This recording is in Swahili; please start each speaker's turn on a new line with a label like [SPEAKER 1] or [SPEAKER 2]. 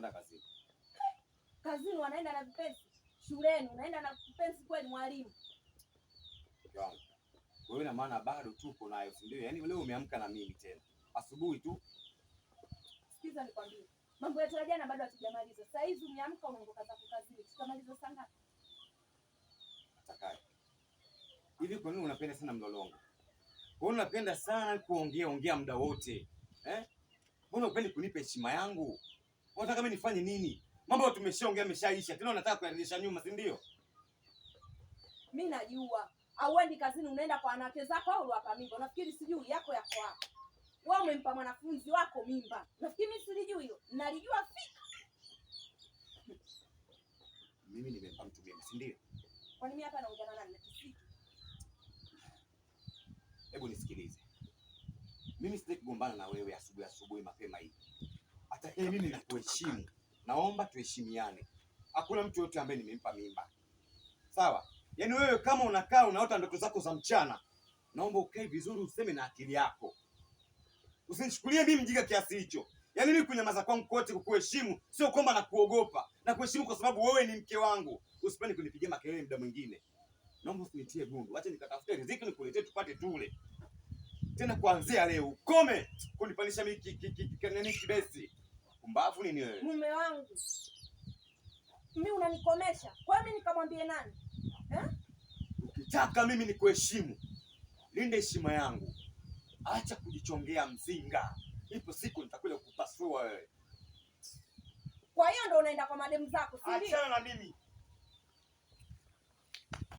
[SPEAKER 1] kwenda kazini.
[SPEAKER 2] Kazini wanaenda na vipenzi, shuleni unaenda na vipenzi kweli mwalimu?
[SPEAKER 1] Wewe ina maana bado tupo nayo, si ndio? Yaani leo umeamka na mimi tena asubuhi tu.
[SPEAKER 2] Sikiza nikwambie, mambo yetu ya jana bado hatujamaliza. Sasa hizi umeamka unaondoka zako kazini, tutamaliza saa ngapi?
[SPEAKER 1] Atakaye hivi. Kwa nini unapenda sana mlolongo? Kwa nini unapenda sana kuongea ongea muda wote eh? Mbona upendi kunipa heshima yangu? Unataka mimi nifanye nini? Mambo tumeshaongea ameshaisha. Tena unataka kuarudisha nyuma, si ndio?
[SPEAKER 2] Mimi najua. auendi kazini unaenda kwa wanawake zako au uliwapa mimba. Unafikiri sijui yako yako kwa. Wewe umempa mwanafunzi wako mimba. nafikiri mimi silijui hiyo? Nalijua fika.
[SPEAKER 1] Mimi nimempa mtu mimba, si ndio?
[SPEAKER 2] Kwa nini hapa na na nani? Natisiki.
[SPEAKER 1] Hebu nisikilize. Mimi sitaki kugombana na wewe asubuhi asubuhi mapema hivi lakini mimi nilikuheshimu, naomba tuheshimiane. Hakuna mtu yote ambaye nimempa mimba, sawa? Yaani wewe kama unakaa unaota ndoto zako za mchana, naomba ukae vizuri, useme na akili yako, usinichukulie mimi mjinga kiasi hicho. Yaani mimi kunyamaza kwangu kote kukuheshimu, sio kwamba nakuogopa, nakuheshimu kwa sababu wewe ni mke wangu. Usipende kunipigia makelele muda mwingine, naomba usinitie gundu, acha nikatafute riziki nikuletee, tupate tule tena kuanzia leo ukome kunipandisha mimi kibesi mpumbavu nini wewe?
[SPEAKER 2] Mume wangu mimi unanikomesha, kwa mimi nikamwambie nani eh?
[SPEAKER 1] Ukitaka mimi nikuheshimu, linda heshima yangu, acha kujichongea mzinga. Ipo siku nitakuja kukupasua wewe.
[SPEAKER 2] Kwa hiyo ndo unaenda kwa mademu zako, si
[SPEAKER 1] ndio? Achana na mimi.